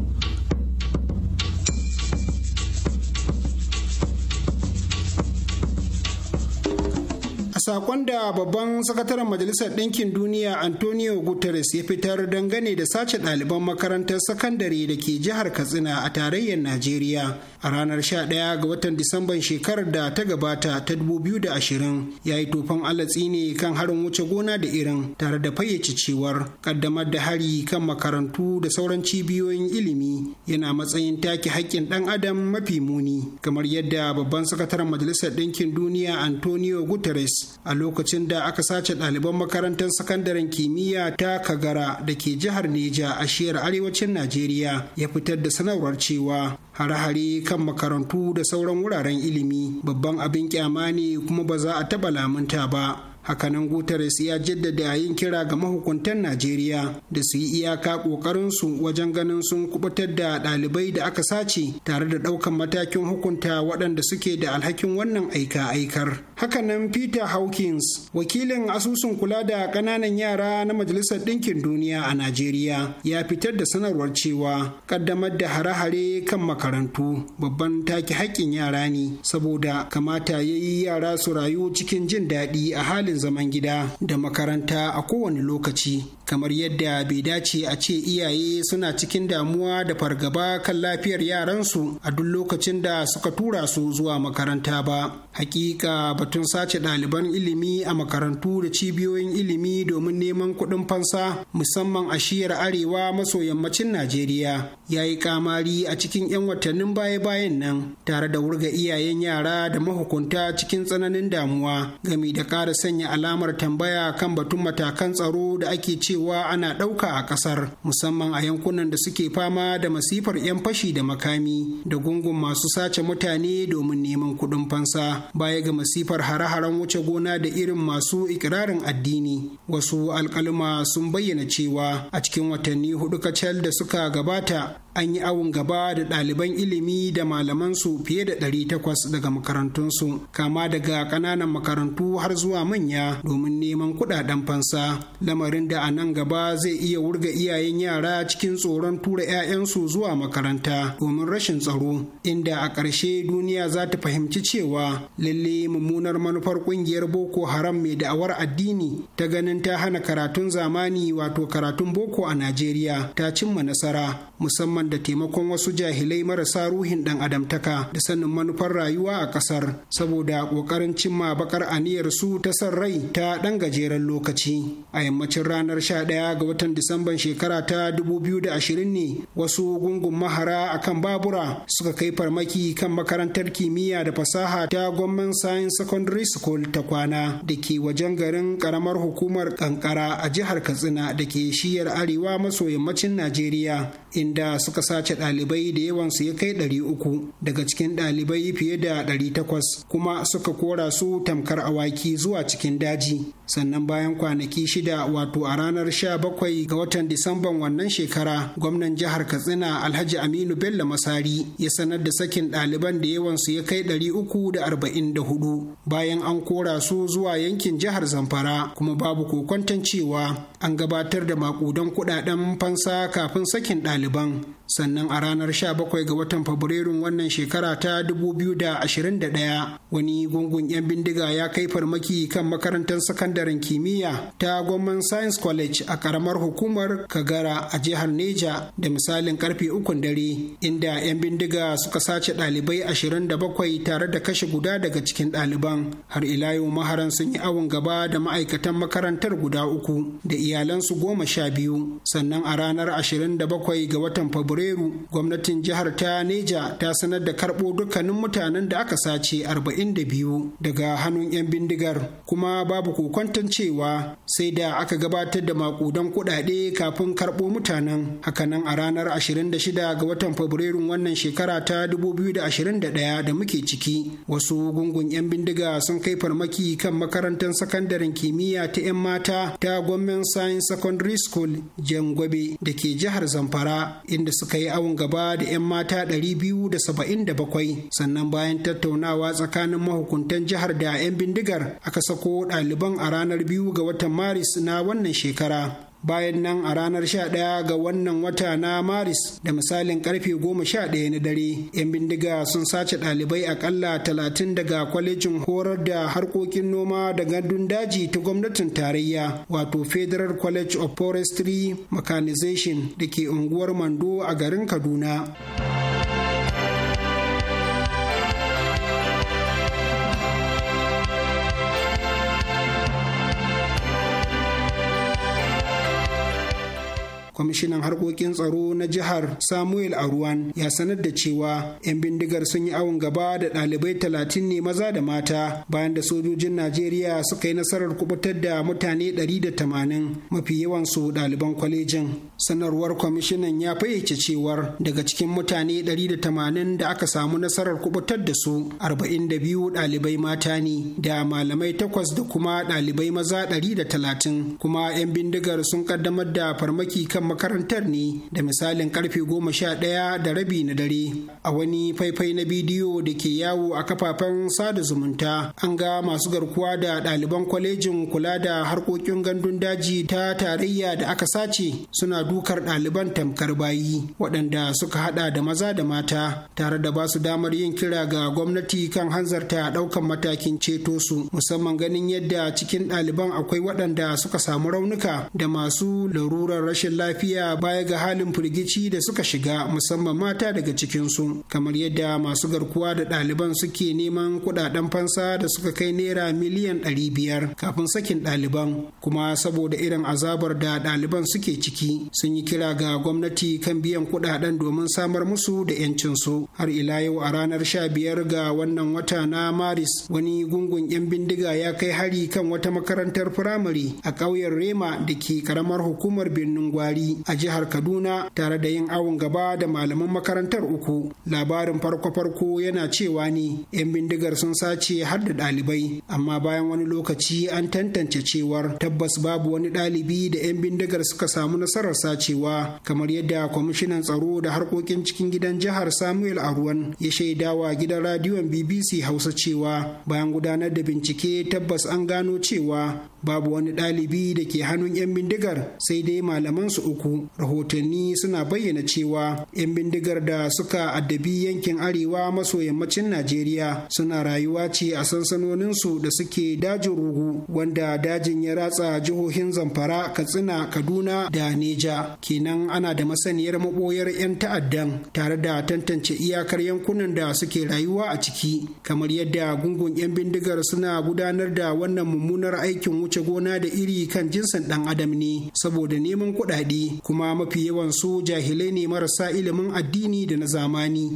sakon da babban sakataren majalisar ɗinkin duniya antonio guterres ya fitar dangane da sace ɗaliban makarantar sakandare da ke jihar katsina a tarayyar najeriya a ranar 11 ga watan disamban shekarar da ta gabata ta 2020 ya yi tofan alatsi ne kan harin wuce gona da irin tare da fayyace cewar kaddamar da hari kan makarantu da sauran cibiyoyin ilimi yana matsayin take haƙƙin ɗan adam mafi muni kamar yadda babban sakataren majalisar ɗinkin duniya antonio guterres a lokacin da aka sace ɗaliban makarantar sakandaren kimiyya ta kagara da ke jihar neja a shiyar arewacin najeriya ya fitar da sanarwar cewa hare-hare kan makarantu da sauran wuraren ilimi babban abin kyama ne kuma ba za a taɓa lamunta ba hakanan guterres ya jaddada yin kira ga mahukuntan najeriya da su yi iyaka ƙoƙarinsu wajen ganin sun kubutar da ɗalibai da aka sace tare da ɗaukan matakin hukunta waɗanda suke da alhakin wannan aika-aikar hakanan peter hawkins wakilin asusun kula da ƙananan yara na majalisar ɗinkin duniya a najeriya ya fitar da sanarwar cewa ƙaddamar da hare-hare kan makarantu babban taki haƙƙin yara ne saboda kamata ya yi yara su rayu cikin jin daɗi a hali tsarin zaman gida da makaranta a kowane lokaci kamar yadda bai dace a ce iyaye suna cikin damuwa da fargaba kan lafiyar yaransu a duk lokacin da suka tura su zuwa makaranta ba hakika batun sace ɗaliban ilimi a makarantu da cibiyoyin ilimi domin neman kuɗin fansa musamman a shiyar arewa maso yammacin najeriya ya yi kamari a cikin 'yan watannin baya-bayan nan tare da wurga iyayen yara da mahukunta cikin tsananin damuwa game da ƙara sanya sanya alamar tambaya kan batun matakan tsaro da ake cewa ana ɗauka a ƙasar musamman a yankunan da suke fama da masifar 'yan fashi da makami da gungun masu sace mutane domin neman kuɗin fansa baya ga masifar hare-haren wuce gona da irin masu ikirarin addini wasu alƙaluma sun bayyana cewa a cikin watanni hudu kacal da suka gabata an yi awon gaba da ɗaliban ilimi da malamansu fiye da 800 daga makarantunsu kama daga ƙananan makarantu har zuwa manya domin neman kuɗaɗen fansa lamarin da a nan gaba zai iya wurga iyayen yara cikin tsoron tura 'ya'yansu zuwa makaranta domin rashin tsaro inda a ƙarshe duniya za ta fahimci cewa lalle mummunar manufar ƙungiyar boko haram mai da'awar addini ta ganin ta hana karatun zamani wato karatun boko a najeriya ta cimma nasara musamman musamman da taimakon wasu jahilai marasa ruhin dan adamtaka da sanin manufar rayuwa a kasar saboda kokarin cimma bakar aniyar su ta san rai ta dan gajeren lokaci a yammacin ranar 11 ga watan disamban shekara ta 2020 ne wasu gungun mahara akan babura suka kai farmaki kan makarantar kimiyya da fasaha ta gwamnan science secondary school ta kwana da ke wajen garin karamar hukumar kankara a jihar katsina da ke shiyar arewa maso yammacin najeriya inda suka sace ɗalibai da yawansu ya kai ɗari uku daga cikin ɗalibai fiye da ɗari takwas kuma suka kora su tamkar awaki zuwa cikin daji sannan bayan kwanaki shida wato a ranar sha bakwai ga watan disamban wannan shekara gwamnan jihar katsina alhaji aminu bello masari ya sanar da sakin ɗaliban da yawansu ya kai ɗari uku da arba'in da hudu bayan an kora su zuwa yankin jihar zamfara kuma babu kokwanton cewa an gabatar da maƙudan kuɗaɗen fansa kafin sakin ɗalibai ɗaliban sannan a ranar 17 ga watan fabrairun wannan shekara ta 2021 wani gungun 'yan bindiga ya kai farmaki kan makarantar sakandaren kimiyya ta gwamnan science college a karamar hukumar kagara a jihar neja da misalin karfe ukun dare inda 'yan bindiga suka sace ɗalibai 27 tare da kashe guda daga cikin ɗaliban har ila yau maharan sun yi awon gaba da ma'aikatan makarantar guda uku da iyalansu goma sha biyu sannan a ranar 27 ga watan fabrairu fabrairu gwamnatin jihar ta neja ta sanar da karɓo dukkanin mutanen da aka sace 42 daga hannun 'yan bindigar kuma babu kokwanton cewa sai da aka gabatar da makudan kuɗaɗe kafin karɓo mutanen hakanan a ranar 26 ga watan fabrairu wannan shekara ta 2021 da muke ciki wasu gungun 'yan bindiga sun kai farmaki kan makarantar sakandaren kimiyya ta 'yan mata ta gwamnan science secondary school jangwabe da ke jihar zamfara inda suka suka yi awon gaba da 'yan mata 277 sannan bayan tattaunawa tsakanin mahukuntan jihar da 'yan bindigar aka sako ɗaliban a ranar biyu ga watan maris na wannan shekara bayan nan a ranar 11 ga wannan wata na maris da misalin karfe 11 na dare yan bindiga sun sace ɗalibai akalla 30 daga kwalejin horar da harkokin noma da gandun daji ta gwamnatin tarayya wato federal college of forestry mechanization da ke unguwar mando a garin kaduna. kwamishinan harkokin tsaro na jihar samuel aruwan ya sanar da cewa 'yan bindigar sun yi awon gaba da ɗalibai talatin ne maza da mata bayan da sojojin najeriya suka yi nasarar kubutar da mutane 180 mafi yawan su ɗaliban kwalejin sanarwar kwamishinan ya fayyace cewar daga cikin mutane 180 da aka samu nasarar kubutar da su arba'in 42 ɗalibai mata ne da malamai takwas da kuma ɗalibai maza da talatin, kuma 'yan bindigar sun kaddamar da farmaki kan makarantar ne da misalin karfe goma sha ɗaya da rabi na dare a wani faifai na bidiyo da ke yawo a kafafen sada zumunta an ga masu garkuwa da ɗaliban kwalejin kula da harkokin gandun daji ta tarayya da aka sace suna dukar ɗaliban tamkar bayi waɗanda suka haɗa da maza da mata tare da ba su damar yin kira ga gwamnati kan hanzarta ɗaukan matakin ceto su musamman ganin yadda cikin ɗaliban akwai waɗanda suka samu raunuka da masu larurar rashin lafiya lafiya baya ga halin firgici da suka shiga musamman mata daga cikinsu kamar yadda masu garkuwa da ɗaliban suke neman kuɗaɗen fansa da suka kai naira miliyan ɗari biyar kafin sakin ɗaliban kuma saboda irin azabar da ɗaliban suke ciki sun yi kira ga gwamnati kan biyan kuɗaɗen domin samar musu da 'yancinsu har ila yau a ranar sha biyar ga wannan wata na maris wani gungun 'yan bindiga ya kai hari kan wata makarantar firamare a ƙauyen rema da ke karamar hukumar birnin gwari Buhari a jihar Kaduna tare da yin awon gaba da malaman makarantar uku. Labarin farko-farko yana cewa ne 'yan bindigar sun sace har da ɗalibai, amma bayan wani lokaci an tantance cewar tabbas babu wani ɗalibi da 'yan bindigar suka samu nasarar sacewa kamar yadda kwamishinan tsaro da harkokin cikin gidan jihar Samuel Arwan ya shaidawa gidan radiyon BBC Hausa cewa bayan gudanar da bincike tabbas an gano cewa babu wani ɗalibi da ke hannun 'yan bindigar sai dai malaman su uku rahotanni suna bayyana cewa 'yan bindigar da suka addabi yankin arewa maso yammacin najeriya suna rayuwa ce a sansanoninsu da suke dajin rugu wanda dajin ya ratsa jihohin zamfara katsina kaduna da neja kenan ana da masaniyar maboyar 'yan ta'addan tare da tantance iyakar yankunan da suke rayuwa a ciki kamar yadda gungun 'yan bindigar suna gudanar da wannan mummunar aikin wuce gona da iri kan jinsin ɗan adam ne saboda neman kuɗaɗe kuma mafi yawan su jahilai ne marasa ilimin addini da na zamani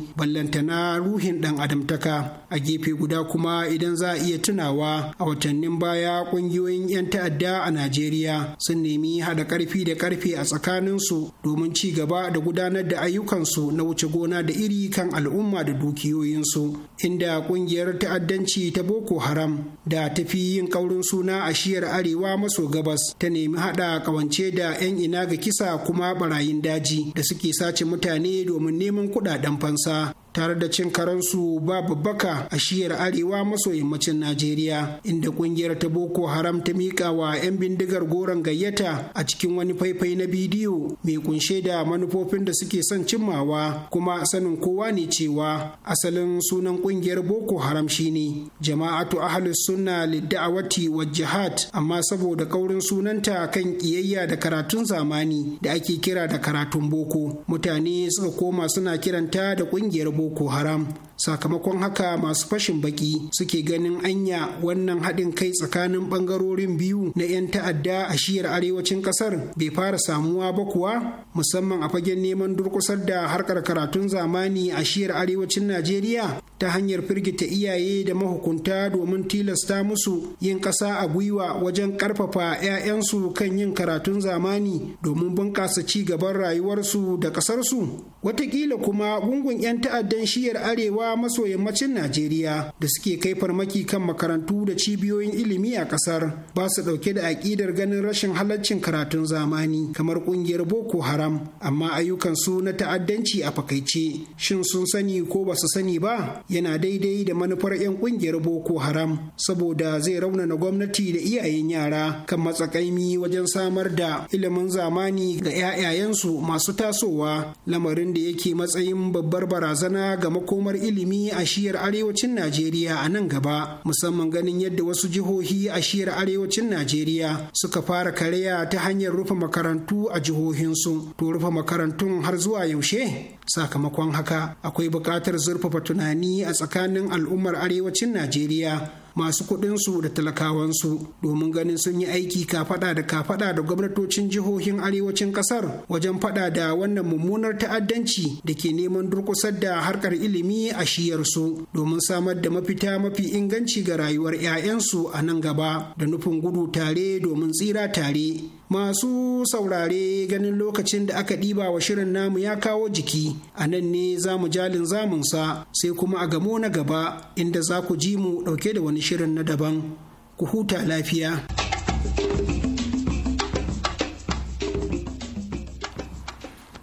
na ruhin dan adamtaka a gefe guda kuma idan za a iya tunawa a watannin baya kungiyoyin 'yan ta'adda a najeriya sun nemi hada karfi da karfe a tsakanin su. domin ci gaba da gudanar da ayyukan su na wuce gona da iri kan al'umma da dukiyoyin su. inda kungiyar ta'addanci ta boko haram da tafi yin kaurin suna a shiyar arewa maso gabas ta nemi hada kawance da 'yan ina ga kisa 'yan kuma barayin daji da suke sace mutane domin neman kuɗaɗen fansa tare da cin karansu babu baka a shiyar arewa maso yammacin Najeriya inda kungiyar ta Boko Haram ta mika wa 'yan bindigar goron gayyata a cikin wani faifai na bidiyo mai kunshe da manufofin da suke son cimmawa kuma sanin kowa ne cewa asalin sunan kungiyar Boko Haram shine Jama'atu Ahlus Sunna Lidda'awati wa Jihad amma saboda kaurin sunanta kan kiyayya da karatun zamani da ake kira da karatun boko mutane suka koma suna kiranta da kungiyar boko boko haram sakamakon haka masu fashin baki suke ganin anya wannan haɗin kai tsakanin ɓangarorin biyu na 'yan ta'adda a shiyar arewacin ƙasar bai fara samuwa ba kuwa musamman a fagen neman durƙusar da harkar karatun zamani a shiyar arewacin najeriya ta hanyar firgita iyaye da mahukunta domin tilasta musu yin ƙasa a gwiwa wajen ƙarfafa 'ya'yansu kan yin karatun zamani domin bunƙasa ci gaban rayuwarsu da ƙasarsu watakila kuma gungun 'yan ta'addan shiyar arewa arewa maso yammacin Najeriya da suke kai farmaki kan makarantu da cibiyoyin ilimi a ƙasar, ba su dauke da aƙidar ganin rashin halaccin karatun zamani kamar ƙungiyar Boko Haram amma ayyukan su na ta'addanci a fakaice shin sun sani ko ba su sani ba yana daidai da manufar 'yan ƙungiyar Boko Haram saboda zai raunana gwamnati da iyayen yara kan matsakaimi wajen samar da ilimin zamani ga 'ya'yayensu masu tasowa lamarin da yake matsayin babbar barazana ga makomar ilimi ilimi a shiyar arewacin Najeriya a nan gaba, musamman ganin yadda wasu jihohi a shiyar arewacin Najeriya suka fara karya ta hanyar rufe makarantu a jihohinsu. To rufe makarantun har zuwa yaushe? Sakamakon haka, akwai buƙatar zurfafa tunani a tsakanin al'ummar arewacin Najeriya masu kuɗinsu da talakawansu domin ganin sun yi aiki kafaɗa da kafaɗa da gwamnatocin jihohin arewacin ƙasar wajen faɗa da wannan mummunar ta'addanci da ke neman durƙusar da harkar ilimi a shiyarsu domin samar da mafita mafi inganci ga rayuwar 'ya'yansu a nan gaba da nufin gudu tare domin tsira tare Masu saurare ganin lokacin da aka ɗiba wa shirin namu ya kawo jiki, a nan ne za mu jalin zamunsa sai kuma a gamo na gaba inda za ku ji mu ɗauke da wani shirin na daban. Ku huta lafiya.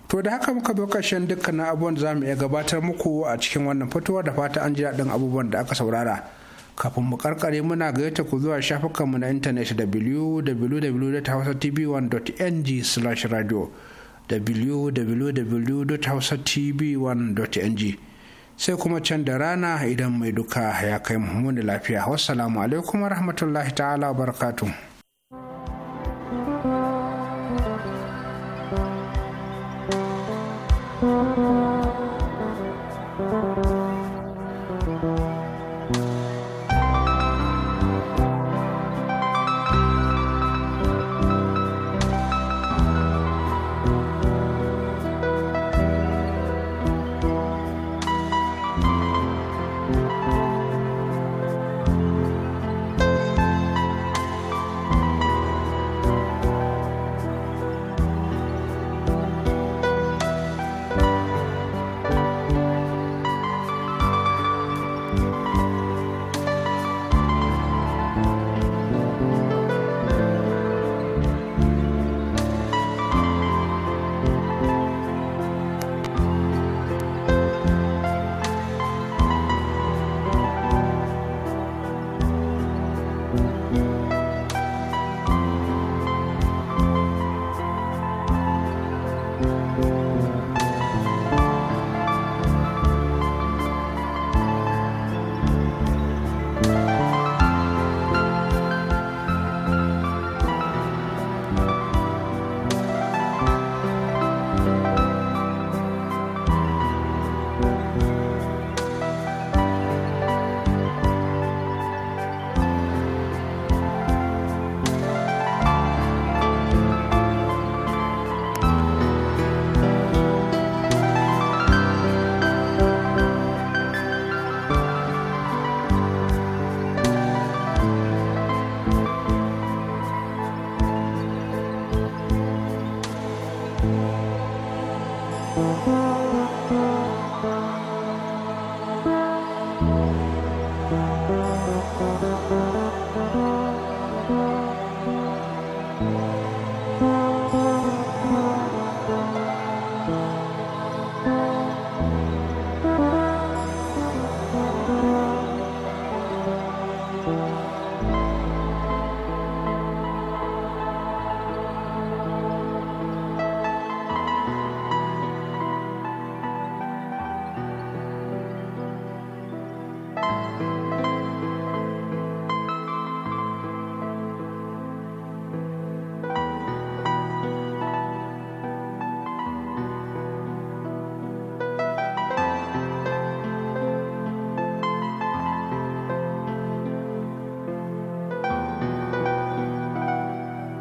To da haka muka bi ƙarshen dukkanin abubuwan da za mu iya gabatar muku a cikin wannan fitowar da fata an ji daɗin abubuwan da aka saurara. kafin mu karkare muna gayyata ku zuwa shafukanmu na intanet www.hausatv1.ng slash radio www.hausatv1.ng sai kuma can da rana idan mai duka ya kai mu lafiya wassalamu alaikum warahmatullahi ta'ala barakatuh